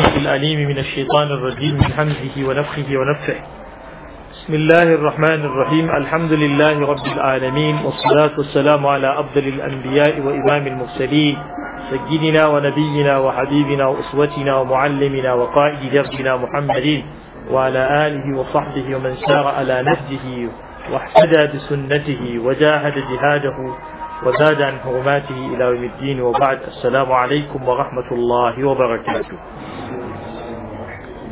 الله العليم من الشيطان الرجيم من حمزه ونفخه ونفخه بسم الله الرحمن الرحيم الحمد لله رب العالمين والصلاة والسلام على أفضل الأنبياء وإمام المرسلين سيدنا ونبينا وحبيبنا وأسوتنا ومعلمنا وقائد دربنا محمد وعلى آله وصحبه ومن سار على نهجه واحتدى بسنته وجاهد جهاده وزاد عن حرماته إلى يوم الدين وبعد السلام عليكم ورحمة الله وبركاته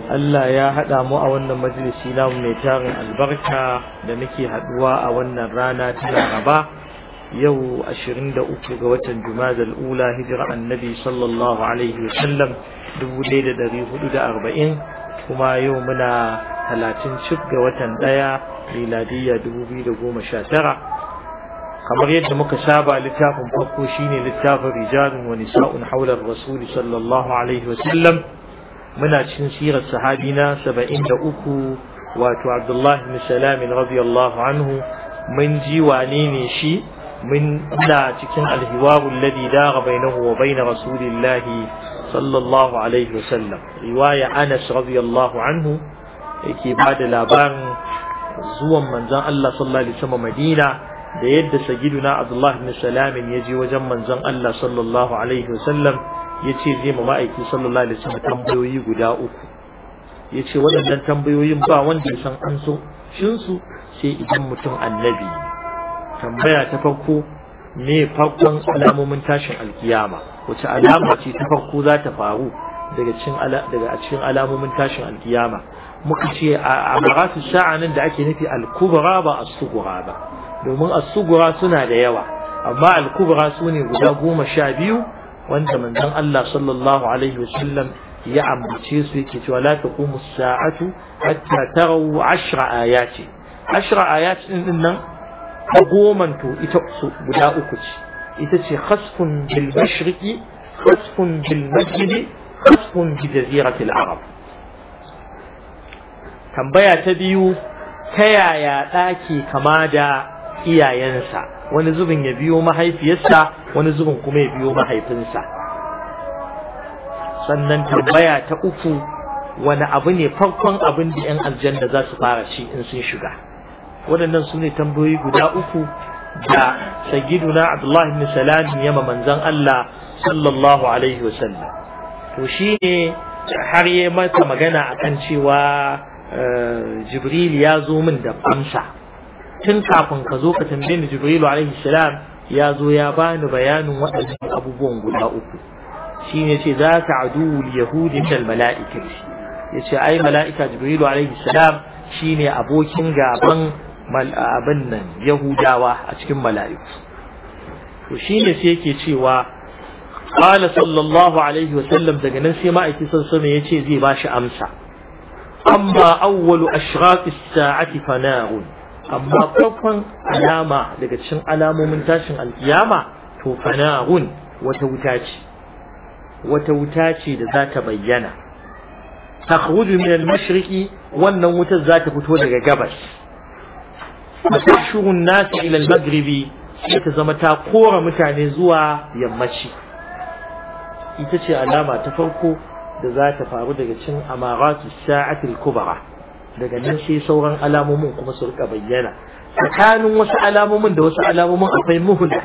Allah ya haɗa mu a wannan majalisi namu mai tarin albarka da muke haɗuwa a wannan rana ta Laraba yau 23 ga watan Jumadal Ula hijira annabi sallallahu alaihi wa sallam 1440 kuma yau muna 30 cif ga watan ɗaya miladiyya 2019 kamar yadda muka saba littafin farko shine littafin rijalun wa nisa'un haular rasuli sallallahu alaihi wa sallam muna cikin sirar sahabi na saba'in da uku wato abdullahi bin salamin radiyallahu anhu mun ji wane ne shi mun da cikin alhiwarun ladi dara bainahu na baina rasulillahi sallallahu alaihi wasallam riwaya anas radiyallahu anhu yake ba da labarin zuwan manzan Allah sallallahu alaihi wasallam Madina da yadda sagiduna Abdullah bin Salamin ya je wajen manzan Allah sallallahu alaihi wasallam ya ce zai ma ma'aiki sallallahu alaihi wasallam tambayoyi guda uku ya ce waɗannan tambayoyin ba wanda ya san an so shinsu sai idan mutum annabi tambaya ta farko me farkon alamomin tashin alkiyama wace alama ce ta farko za ta faru daga cikin alamomin tashin alkiyama muka ce a maratu sha'anin da ake nufi alkubra ba asugura ba domin asugura suna da yawa amma alkubra su ne guda goma sha biyu wanda manzon Allah sallallahu alaihi wasallam ya ambace su yake cewa la taqumu as-sa'atu hatta tarawu 10 ayati 10 ayati din nan ta goman to ita su guda uku ce ita ce khasfun bil mashriqi khasfun bil majdi khasfun bi jazirati al-arab tambaya ta biyu ta yaya ɗaki kama da iyayensa wani zubin ya biyo mahaifiyarsa wani zubin kuma ya biyo mahaifinsa sannan tambaya ta uku wani abu ne farkon abin da 'yan aljanna za su fara ci in sun shiga waɗannan su ne tambayoyi guda uku da na abdullahi ibn salam ya ma manzon Allah sallallahu alaihi wasallam to shine har yayi mata magana akan cewa eh, jibril ya zo min da amsa tun kafin ka zo ka tambaye ni jibrilu alaihi salam ya zo ya bani bayanin waɗannan abubuwan guda uku shine ce za ka aduwul yahudi kal Ya ce ai mala'ika jibrilu alaihi salam shine abokin gaban abin nan yahudawa a cikin mala'iku to ne sai yake cewa qala sallallahu alaihi wa sallam daga nan sai ma'aiki sallallahu ya ce zai bashi amsa amma awwalu ashraqis sa'ati fana'un amma farkon alama daga cikin alamomin tashin alkiyama to fana'un wata wuta ce wata wuta ce da za ta bayyana takhruju min al-mashriqi wannan wutar za ta fito daga gabas tashuru an-nas ila al-maghribi sai ta zama ta kora mutane zuwa yammaci ita ce alama ta farko da za ta faru daga cin amaratu sa'atul kubra daga nan sai sauran alamomin kuma su rika bayyana tsakanin wasu alamomin da wasu alamomin akwai muhula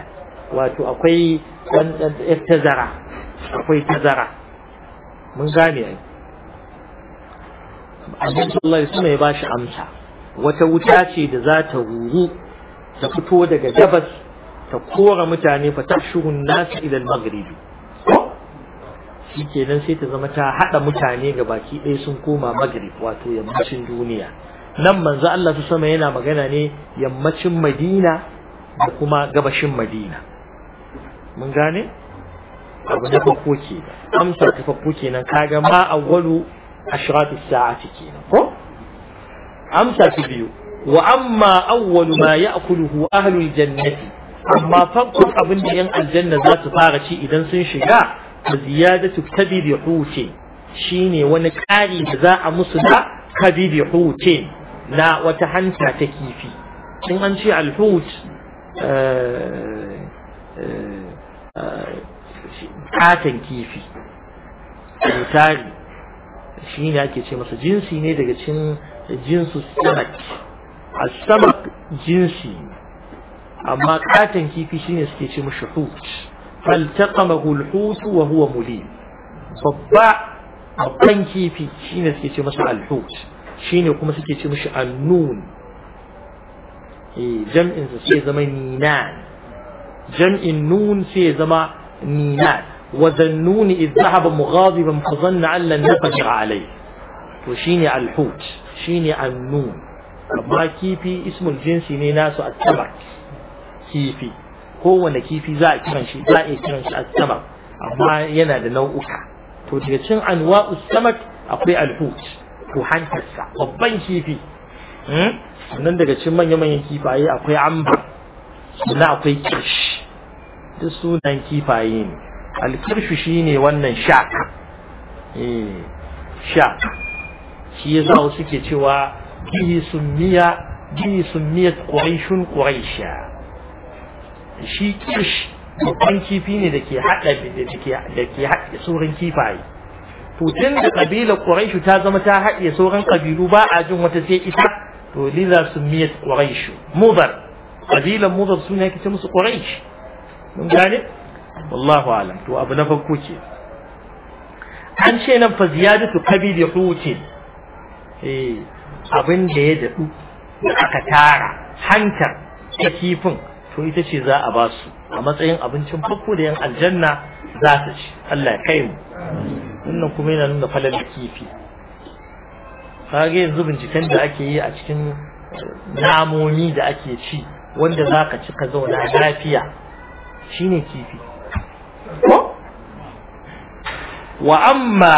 wato akwai ɗan tazara akwai tazara mun gane ai annabi sallallahu alaihi ya shi amsa wata wuta ce da za ta huru, ta fito daga gabas ta kora mutane fa tashurun nasu ila al-maghribi nan sai ta zama ta haɗa mutane ga baki ɗaya sun koma magrib wato yammacin duniya nan manzo Allah sama yana magana ne yammacin Madina da kuma gabashin Madina mun gane abu da farko ke amsa ta farko kenan kaga ma awwalu ashratu sa'ati nan, ko amsa ta biyu wa amma awwalu ma ya'kuluhu ahlul jannati amma farkon abin da yan aljanna za su fara ci idan sun shiga زيادة كبير حوتين شيني ونكاري زاء مصدى كبير حوتين لا وتحنسى تكيفي إن أنشي الحوت آه آه آه كاتن آه، كيفي مثالي شيني أكي شيء مثلا جنسي نيدك شين جنس السمك السمك جنسي أما كاتن كيفي شيني أكي شيء مش حوت فالتقمه الحوت وهو مليم صباع الطنكي في شين سكيتي مشع الحوت شين يقوم سكيتي مشع النون هي جمع سي زمان نينان جمع النون سي زمان نينان وذا النون إذ ذهب مغاضبا فظن أن لن نقدر عليه وشين على الحوت شين النون ما كيفي اسم الجنس نيناس التبك كيفي kowane kifi za a kiran shi za a kiran shi as-samak amma yana da nau'uka to daga cin anwa'us samak akwai al-hut to hantarsa babban kifi hmm? sannan daga cin manya-manyan kifaye akwai amba sannan akwai kirsh duk sunan kifaye ne alkirshu shine wannan shaka eh shark shi yasa wasu ke cewa bihi summiya bihi miya quraishun quraisha shi kish babban kifi ne da ke haɗa da ke haɗe sauran kifaye to tun da ƙabilar ƙuraishu ta zama ta haɗe sauran ƙabilu ba a jin wata sai ita to lila su miyar ƙuraishu mudar ƙabilar mudar su ne ake musu ƙuraish mun gane wallahu alam to abu na farko ke an ce nan fa ziyadatu kabili hutin eh abin da ya daɗu da aka tara hantar ta kifin to ita ce za a ba su a matsayin abincin farko da yan aljanna za su ci Allah ya kai mu wannan kuma yana nuna falal kifi kage yanzu binciken da ake yi a cikin eh, namomi da ake ci wanda za ka ci ka zauna lafiya shine kifi wa amma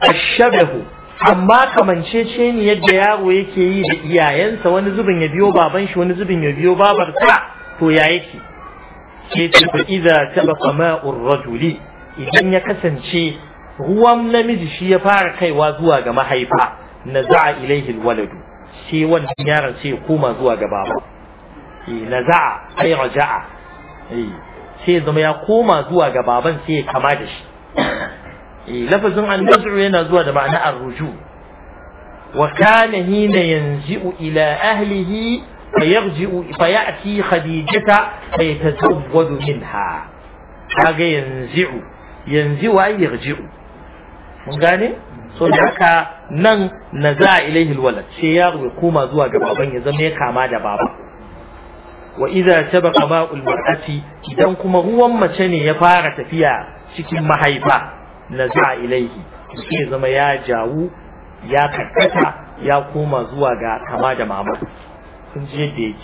ashabahu amma kamancece ne yadda yaro yake yi da iyayensa wani zubin ya biyo baban shi wani zubin ya biyo babarsa to ya yake sai ce fa idza tabaqa ma'ur idan ya kasance ruwan namiji shi ya fara kaiwa zuwa ga mahaifa naza'a ilaihi waladu sai wannan yaron sai ya koma zuwa ga baba eh, naza'a ai raja'a eh, sai zama ya koma zuwa ga baban sai ya kama da shi eh, lafazin annaz'u yana zuwa da ma'ana arruju wa kana hina yanzu ila ahlihi فيرجع فيأتي خديجة فيتزود منها هذا ينزع ينزع أي mun gane so da haka nan na za ilaihi alwalad sai yaro ya koma zuwa ga baban ya zama ya kama da baba wa idza tabaqa ma'ul mar'ati idan kuma ruwan mace ne ya fara tafiya cikin mahaifa na za ilaihi sai zama ya jawu ya karkata ya koma zuwa ga kama da mama sun ji yadda yake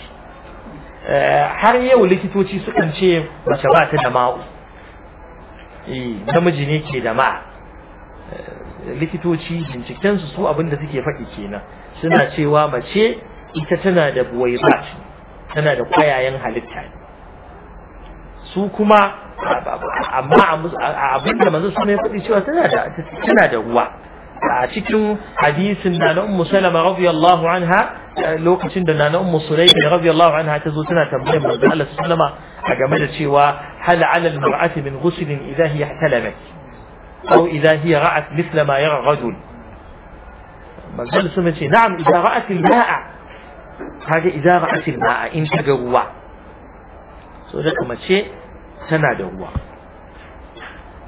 eh, har yau likitoci sukan ce mace ba ta da ma'u eh, namiji ne ke da ma eh, likitoci binciken su abinda suke faɗi kenan suna cewa mace ita tana da buwaibat tana da kwayayen halitta su kuma amma abinda manzo ne faɗi cewa tana da ruwa a cikin hadisin na na ummu salama radiyallahu anha lokacin da na na ummu sulaimi radiyallahu anha ta zo tana tambayar manzo Allah sallama a game da cewa hal ala al mar'ati min ghusl idha hiya ihtalamat aw idha hiya ra'at mithla ma yara rajul manzo Allah sallama ce na'am idha ra'at al ma'a kaga idha ra'at al ma'a in ta ga ruwa so da mace tana da ruwa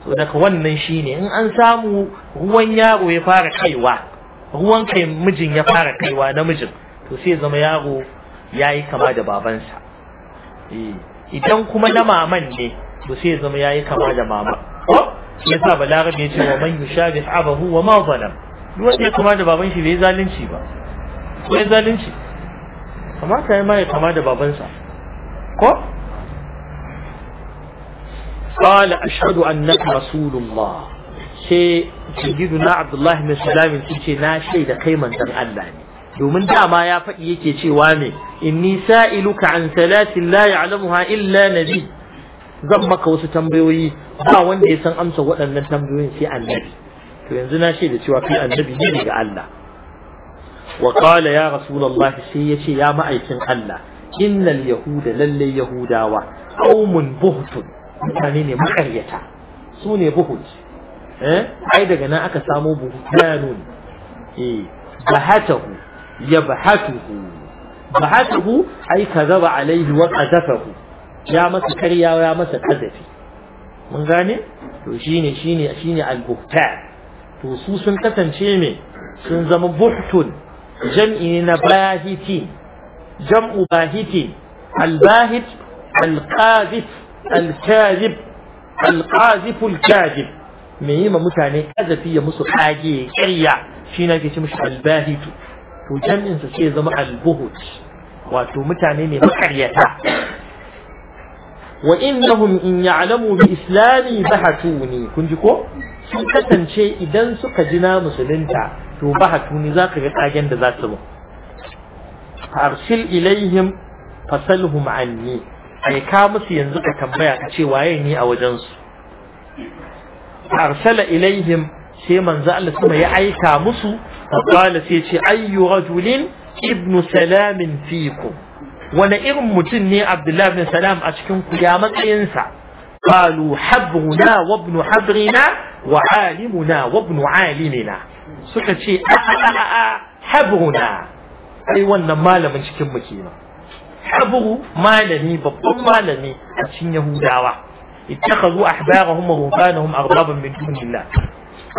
To daga wannan shine in an samu ruwan yaro ya fara kaiwa ruwan kai mijin ya fara kaiwa namijin to sai zama yaro ya yi kama da babansa eh, idan kuma na maman ne to sai zama ya yi kama da mama sa balarabe ya ce wa man yushabih abahu wa ma zalam duk wanda ya kama da baban shi bai zalunci ba ko zalunci kamata ya ma ya kama da babansa ko qala ashhadu annaka rasulullah sai sayyiduna abdullahi bin salam ce na shaida kai manzon Allah ne domin dama ya faɗi yake cewa ne inni sa'iluka an salatin la ya'lamuha illa nabi zan maka wasu tambayoyi ba wanda ya san amsa waɗannan tambayoyin sai annabi to yanzu na shaida cewa kai annabi ne ga Allah wa ya rasulallah sai yace ya ma'aikin Allah innal yahuda lalle yahudawa qaumun buhtun mutane ne makaryata su ne buhut eh? ai daga nan aka samo buhutanun eh bahatahu yabhatuhu bahatahu ai kazaba alaihi wa qadafahu ya masa karya ya masa kazafi mun gane to shine shine shine al-buhtan to su sun kasance me sun zama buhtun jam'i ne na bahiti jam'u bahiti al-bahit al-qazif الكاذب القاذف الكاذب ميما متاني كذا فيه مسو حاجي شريع شينا كيش مش الباهت تجن انسا شيء زمع البهت واتو متاني من محريتا وإنهم إن يعلموا بإسلامي بحتوني كنجيكو سوكتا شيء إذن سوك جنا مسلنتا تو بحتوني ذاك غير أجند ذاتهم أرسل إليهم فسلهم عني aika musu yanzu ka tambaya ka ce waye ni a su? arsala ilaihim sai manzo Allah sama ya aika musu qala sai ce ayyu rajulin Ibn salamin fikum wani irin mutum ne Abdullahi bin Salam a cikin ku ya matsayinsa qalu habruna wa habrina wa alimuna wa alimina suka ce a habruna ai wannan malamin cikin mu kenan حبوا مالمي بطل مالمي أتشين يهوداوا اتخذوا أحبارهم وغفانهم أغضابا من دون الله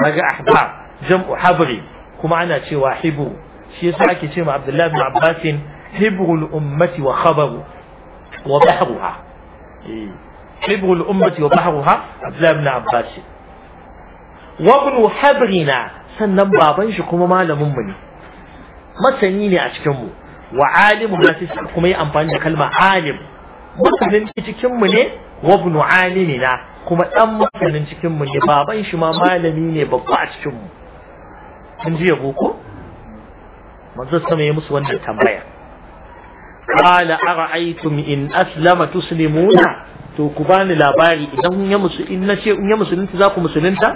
رجاء أحبار جمع حبري كما أنا أتشي وحبوا شيسا كتير مع عبد الله بن عباس حبر الأمة وخبر وبحرها إيه. حبر الأمة وبحرها عبد الله بن عباس وابن حبرنا سنن بابا يشكو مالا ممني ما سنيني أشكمو wa alimu na sai kuma yi amfani da kalma alim masanin cikin mu ne wa ibnu alimina kuma dan masanin cikin mu ne baban shi ma malami ne babba a cikin mu kun ji yabo ko manzo sama ya musu wannan tambaya qala ara'aytum in aslama tuslimuna to ku bani labari idan ya musu in nace in ya musulunta za ku musulunta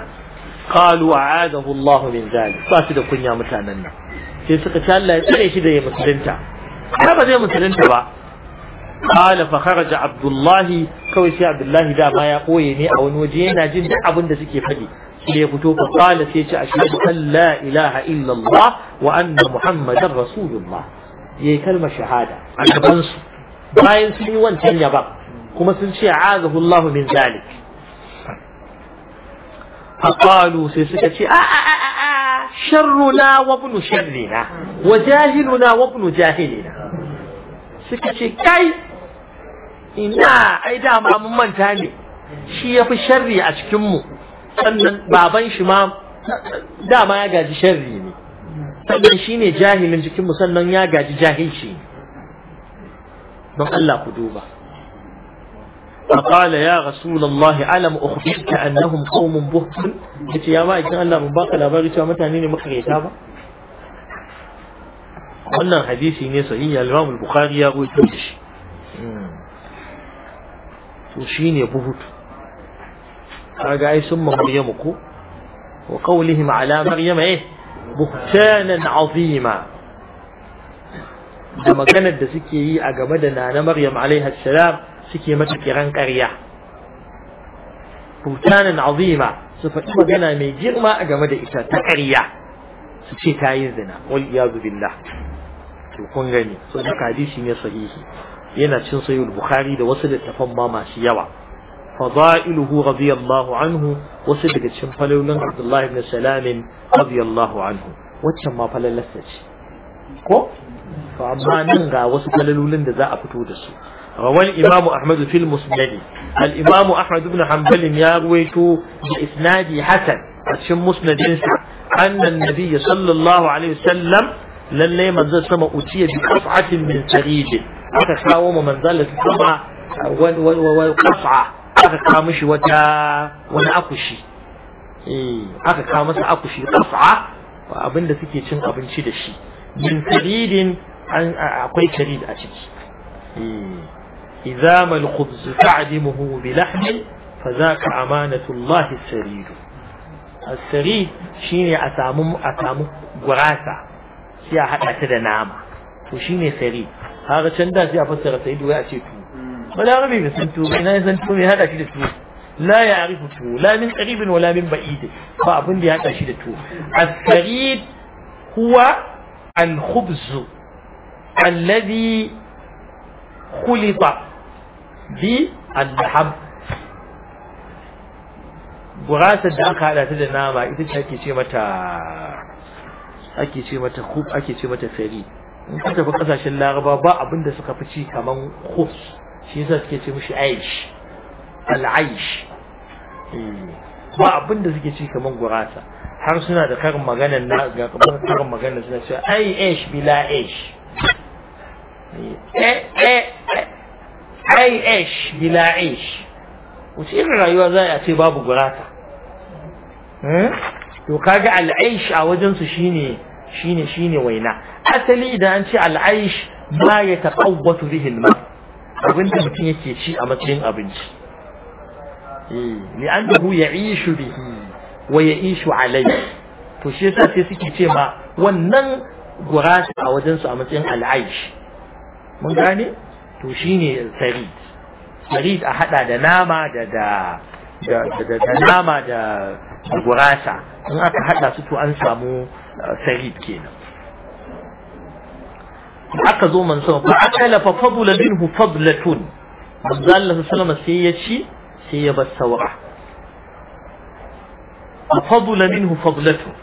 qalu a'adahu Allah min zalik ba su da kunya mutanen nan sai suka ce Allah ya tsare shi da ya musulunta har ba zai musulunta ba qala fa kharaja abdullahi kawai sai abdullahi da ma ya koye ne a wani waje yana jin duk abin da suke faɗi sai ya fito fa qala sai ce ashhadu an la ilaha illa allah wa anna muhammadar rasulullah yayi kalmar shahada a gaban su bayan sun yi wancan yaban kuma sun ce a'azahu allah min zalik فقالوا سيسكتي شرنا وابن شرنا وجاهلنا وابن jahilina. suka ce kai ina ai dama mun manta ne shi ya fi sharri a cikinmu sannan baban shi ma dama ya gaji sharri ne sannan shi ne jahilin cikinmu sannan ya gaji jahilci don Allah ku duba فقال يا رسول الله علم أخبرك أنهم قوم بهت يا ما إذن الله مباقى لا بغي شامتها نيني مخريتها wannan hadisi ne sahihi al al-Bukhari ya rawaito da shi hmm. to shine buhut kaga ai sun ma Maryam ko wa qawlihim ala Maryam eh buhtanan azima da maganar da suke yi a game da nana Maryam alaiha salam suke mata kiran ƙarya buhtanan azima su faɗi magana mai girma a game da ita ta ƙarya su ce ta yi zina wal iyazu billah to kun gani so da hadisi ne sahihi yana cin sahih bukhari da wasu littafan ma masu yawa fadailuhu radiyallahu anhu wasu daga cikin falalun abdullahi ibn salam radiyallahu anhu waccan ma falalasta ce ko to amma nan ga wasu falalolin da za a fito da su روى Al-Imamu في المسند الإمام ya بن حنبل يرويته بإسناد حسن عشان Musnadinsa. Annan النبي صلى الله عليه وسلم lalle manzon sama uciya bi qaf'atin min sarij aka kawo mu manzala sama wani aka kawo mishi wata wani akushi eh aka kawo masa akushi abinda suke cin abinci da shi min saridin akwai sarid a ciki إذا ما الخبز تعدمه بلحم فذاك أمانة الله shine a samu أسامو أسامو غراسة sai a haɗa ta da nama to shine sari haka can da sai a fassara sai duwai a ce tuwo balarabe bai san tuwo ina ya san tuwo mai haɗa shi da tuwo la ya arifu tuwo la min qaribin wala min ba'id ba abin da ya haɗa shi da tuwo as huwa alhubzu khubz alladhi khulita bi alhab hab gurasar da aka haɗa ta da nama ita ce ake ce mata ake ce mata khuf ake ce mata fari in ka tafi kasashen laraba ba abin da suka fi ci kaman khuf shi yasa suke ce mishi aish al-aish eh, ba abin da suke ci kaman gurasa har suna da karin magana na ga kamar karin magana suna cewa ai aish bila aish eh, eh, ai aish bila aish wace irin rayuwa za a ce babu gurasa hmm? to kaga al'aish a wajen su shine shine shine waina asali da an ce al'aish ma ya taqawwatu bihi al-ma abin da mutum yake ci a matsayin abinci eh li annahu ya'ishu bihi wa ya'ishu alayhi to shi yasa sai suke ce ma wannan gurasa a wajen su a matsayin al'aish mun gane to shine sarid sarid a hada da nama da da da nama da gurasa in aka hada su to an samu uh, sarid kenan aka zo man sama fa akala fa fadla minhu fadlatun manzo Allah sallama sai ya ci sai ya bar saura fa fadla minhu fadlatun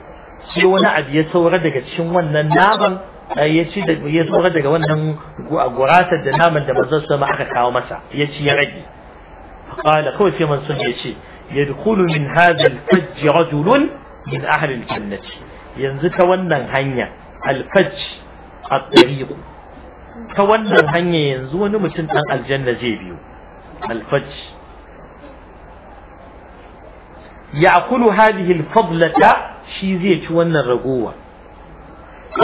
sai wani abu ya saura daga cikin wannan naman uh, ya ci da ya saura daga wannan gurasa da naman da manzo sallama aka kawo masa ya ci ya rage قال قوي في من صحيح يدخل من هذا الفج رجل من أهل الجنة ينزل تونن هنيا الفج الطريق تونن هنيا ينزل نمتن أن الجنة جيبيو الفج يأكل هذه الفضلة شي زي تونن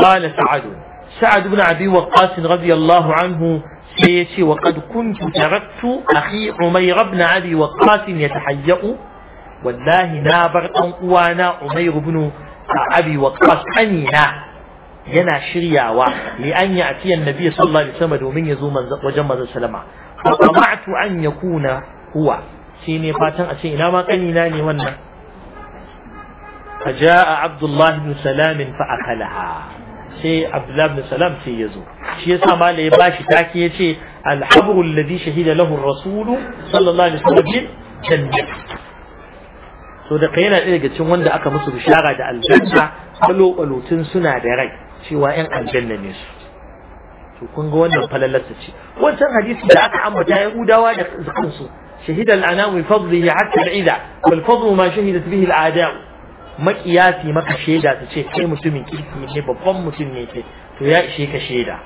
قال سعد سعد بن أبي وقاص رضي الله عنه ليتي وقد كنت تركت أخي عمير بن عدي وقاس يتحيأ والله نابر أنقوانا عمير بن أبي وقاس أنينا ينا شريعة لأن يأتي النبي صلى الله عليه وسلم ومن يزوم وجمد السلام فطمعت أن يكون هو سيني فاتن أسيئنا ما قلنا نيوانا فجاء عبد الله بن سلام فأخلها سي عبد الله بن سلام سي يزور shi yasa mala ya bashi take yace al-habru alladhi shahida lahu ar-rasul sallallahu alaihi wasallam janna so da kai yana ɗaya daga cikin wanda aka musu bishara da aljanna kalo kalotun suna da rai cewa yan aljanna ne su to kun ga wannan falalarsa ce wancan hadisi da aka ambata yahudawa da kansu شهد الأنام بفضله حتى العذا والفضل ما شهدت به الأعداء maka shaida su ce, كي mutumin كي ne babban mutum ne to ya ishe ka shaida.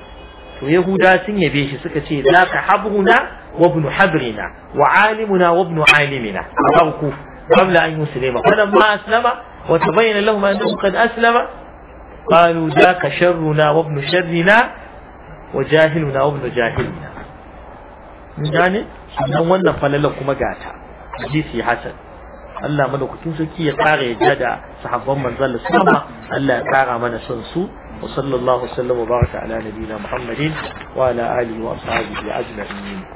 to yahuda sun yabe shi suka ce za ka habuna wa ibn habrina wa alimuna wa ibn alimina abanku qabla an yuslima wa lam aslama wa tabayyana lahum annahu qad aslama qalu za ka sharruna wa sharrina wa jahiluna wa ibn jahilina ne dan wannan falalan kuma gata hadisi Hassan. Allah madaukakin sarki ya ya yadda da sahabban manzon sama Allah ya ƙara mana son su wa sallallahu alaihi wa baraka ala nabiyina Muhammadin wa ala alihi wa ashabihi ajma'in